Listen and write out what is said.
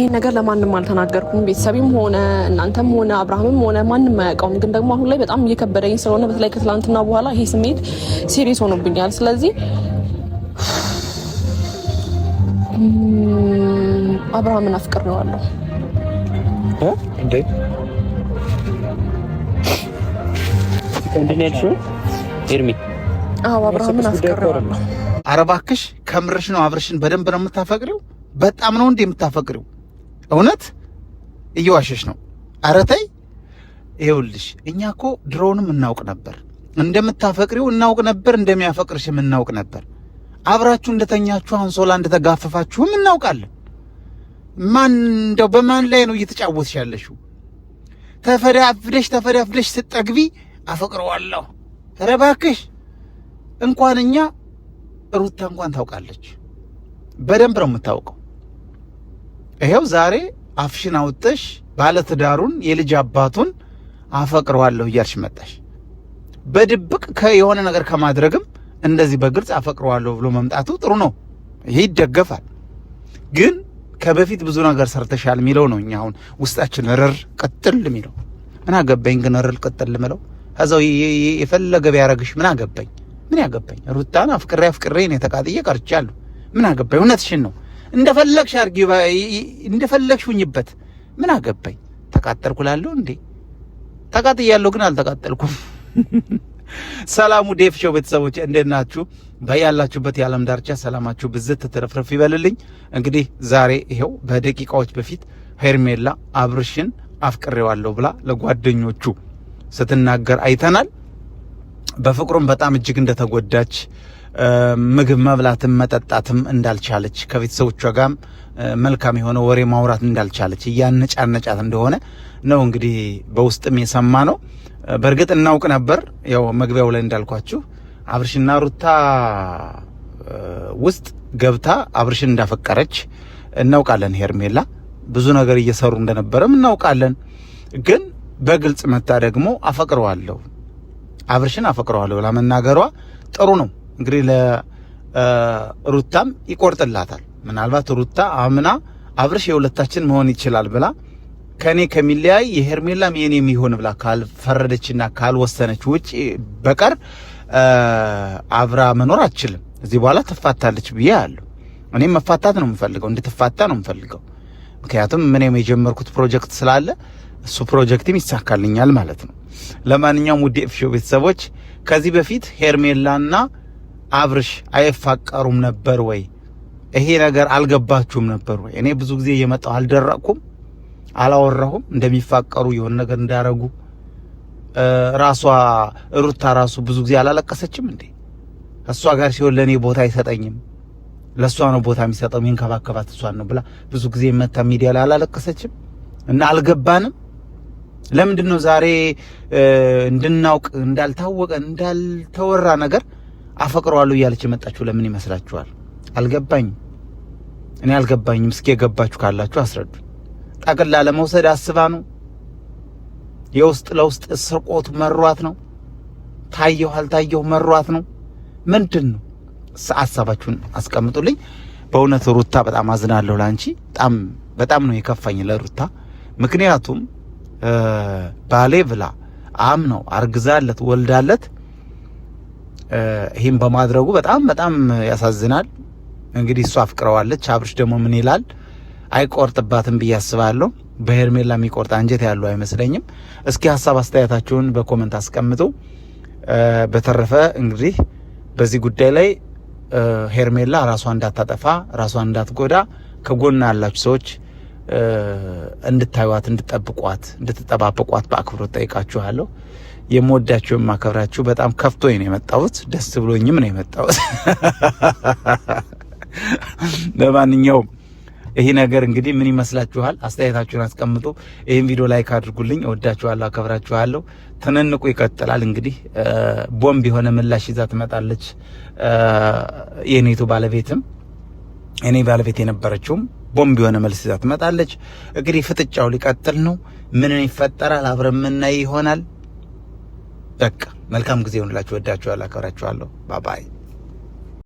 ይሄን ነገር ለማንም አልተናገርኩም። ቤተሰብም ሆነ እናንተም ሆነ አብርሃምም ሆነ ማንም አያውቀውም። ግን ደግሞ አሁን ላይ በጣም እየከበደኝ ስለሆነ በተለይ ከትላንትና በኋላ ይሄ ስሜት ሲሪየስ ሆኖብኛል። ስለዚህ አብርሃምን አፍቅር አብርሃምን አፍቅሬዋለሁ። ከምርሽ ነው? አብርሽን በደንብ ነው የምታፈቅሪው? በጣም ነው እንዴ የምታፈቅሪው? እውነት እየዋሸሽ ነው። ኧረ ተይ። ይኸውልሽ እኛ እኮ ድሮውንም እናውቅ ነበር፣ እንደምታፈቅሪው እናውቅ ነበር፣ እንደሚያፈቅርሽም እናውቅ ነበር። አብራችሁ እንደተኛችሁ አንሶላ እንደተጋፈፋችሁም እናውቃለን። ማን እንደው በማን ላይ ነው እየተጫወትሽ ያለሽው? ተፈዳፍደሽ ተፈዳፍደሽ ስጠግቢ አፈቅረዋለሁ። ኧረ እባክሽ እንኳን እኛ ሩታ እንኳን ታውቃለች፣ በደንብ ነው የምታውቀው። ይሄው ዛሬ አፍሽን አውጥተሽ ባለትዳሩን የልጅ አባቱን አፈቅረዋለሁ እያልሽ መጣሽ። በድብቅ የሆነ ነገር ከማድረግም እንደዚህ በግልጽ አፈቅረዋለሁ ብሎ መምጣቱ ጥሩ ነው። ይሄ ይደገፋል። ግን ከበፊት ብዙ ነገር ሰርተሻል የሚለው ነው። እኛ አሁን ውስጣችን ርር ቅጥል የሚለው ምን አገባኝ ግን ርር ቅጥል ምለው ከዛው የፈለገ ቢያረግሽ ምን አገባኝ ምን ያገባኝ ሩታን አፍቅሬ አፍቅሬ ነው ተቃጥዬ ቀርቻለሁ። ምን አገባኝ እውነትሽን ነው። እንደፈለግሽ አርጊ፣ እንደፈለግሽ ሁኝበት። ምን አገባኝ? ተቃጠልኩ ላለሁ እንዴ? ተቃጥያለሁ፣ ግን አልተቃጠልኩም። ሰላሙ ዴፍ ሾው ቤተሰቦች እንዴት ናችሁ? በያላችሁበት የዓለም ዳርቻ ሰላማችሁ ብዝት ትረፍረፍ ይበልልኝ። እንግዲህ ዛሬ ይኸው በደቂቃዎች በፊት ሄርሜላ አብርሽን አፍቅሬዋለሁ ብላ ለጓደኞቹ ስትናገር አይተናል። በፍቅሩም በጣም እጅግ እንደተጎዳች ምግብ መብላትም መጠጣትም እንዳልቻለች ከቤተሰቦቿ ጋር መልካም የሆነ ወሬ ማውራት እንዳልቻለች እያነጫነጫት እንደሆነ ነው እንግዲህ በውስጥም የሰማ ነው። በእርግጥ እናውቅ ነበር። ያው መግቢያው ላይ እንዳልኳችሁ አብርሽና ሩታ ውስጥ ገብታ አብርሽን እንዳፈቀረች እናውቃለን። ሄርሜላ ብዙ ነገር እየሰሩ እንደነበረም እናውቃለን። ግን በግልጽ መታ ደግሞ አፈቅረዋለሁ አብርሽን አፈቅረዋለሁ ብላ መናገሯ ጥሩ ነው። እንግዲህ ለሩታም ይቆርጥላታል። ምናልባት ሩታ አምና አብርሽ የሁለታችን መሆን ይችላል ብላ ከኔ ከሚለያይ የሄርሜላም የኔ የሚሆን ብላ ካልፈረደችና ካልወሰነች ውጭ በቀር አብራ መኖር አትችልም። እዚህ በኋላ ትፋታለች ብዬ አለሁ። እኔም መፋታት ነው የምፈልገው፣ እንድትፋታ ነው የምፈልገው። ምክንያቱም ምን የጀመርኩት ፕሮጀክት ስላለ እሱ ፕሮጀክትም ይሳካልኛል ማለት ነው። ለማንኛውም ውድ ኤፍሾ ቤተሰቦች ከዚህ በፊት ሄርሜላና አብርሽ አይፋቀሩም ነበር ወይ? ይሄ ነገር አልገባችሁም ነበር ወይ? እኔ ብዙ ጊዜ እየመጣሁ አልደረቅኩም፣ አላወራሁም እንደሚፋቀሩ የሆነ ነገር እንዳረጉ። ራሷ ሩታ ራሱ ብዙ ጊዜ አላለቀሰችም እንዴ? እሷ ጋር ሲሆን ለእኔ ቦታ አይሰጠኝም፣ ለእሷ ነው ቦታ የሚሰጠው፣ የሚንከባከባት እሷን ነው ብላ ብዙ ጊዜ መታ ሚዲያ ላይ አላለቀሰችም? እና አልገባንም ለምንድን ነው ዛሬ እንድናውቅ እንዳልታወቀ እንዳልተወራ ነገር አፈቅረዋለሁ እያለች የመጣችሁ ለምን ይመስላችኋል? አልገባኝ። እኔ አልገባኝም። እስኪ የገባችሁ ካላችሁ አስረዱ። ጠቅላ ለመውሰድ አስባ ነው? የውስጥ ለውስጥ ስርቆቱ መሯት ነው? ታየሁ አልታየሁ መሯት ነው? ምንድን ነው? ሀሳባችሁን አስቀምጡልኝ። በእውነት ሩታ በጣም አዝናለሁ ላንቺ። በጣም በጣም ነው የከፋኝ ለሩታ ምክንያቱም ባሌ ብላ አም ነው አርግዛለት ወልዳለት ይህም በማድረጉ በጣም በጣም ያሳዝናል። እንግዲህ እሷ አፍቅረዋለች። አብርሽ ደግሞ ምን ይላል? አይቆርጥባትም ብዬ አስባለሁ። በሄርሜላ የሚቆርጥ አንጀት ያለው አይመስለኝም። እስኪ ሀሳብ አስተያየታችሁን በኮመንት አስቀምጡ። በተረፈ እንግዲህ በዚህ ጉዳይ ላይ ሄርሜላ ራሷ እንዳታጠፋ ራሷ እንዳትጎዳ ከጎና ያላችሁ ሰዎች እንድታዩዋት፣ እንድጠብቋት፣ እንድትጠባበቋት በአክብሮት ጠይቃችኋለሁ። የምወዳችሁ የማከብራችሁ፣ በጣም ከፍቶኝ ነው የመጣሁት፣ ደስ ብሎኝም ነው የመጣሁት። ለማንኛውም ይሄ ነገር እንግዲህ ምን ይመስላችኋል? አስተያየታችሁን አስቀምጡ። ይህን ቪዲዮ ላይክ አድርጉልኝ። እወዳችኋለሁ፣ አከብራችኋለሁ። ትንንቁ ይቀጥላል። እንግዲህ ቦምብ የሆነ ምላሽ ይዛ ትመጣለች። የኔቱ ባለቤትም እኔ ባለቤት የነበረችውም ቦምብ የሆነ መልስ ይዛ ትመጣለች። እንግዲህ ፍጥጫው ሊቀጥል ነው። ምንን ይፈጠራል አብረን የምናይ ይሆናል። በቃ መልካም ጊዜ ይሆንላችሁ። ወዳችኋለሁ፣ አከብራችኋለሁ። ባባይ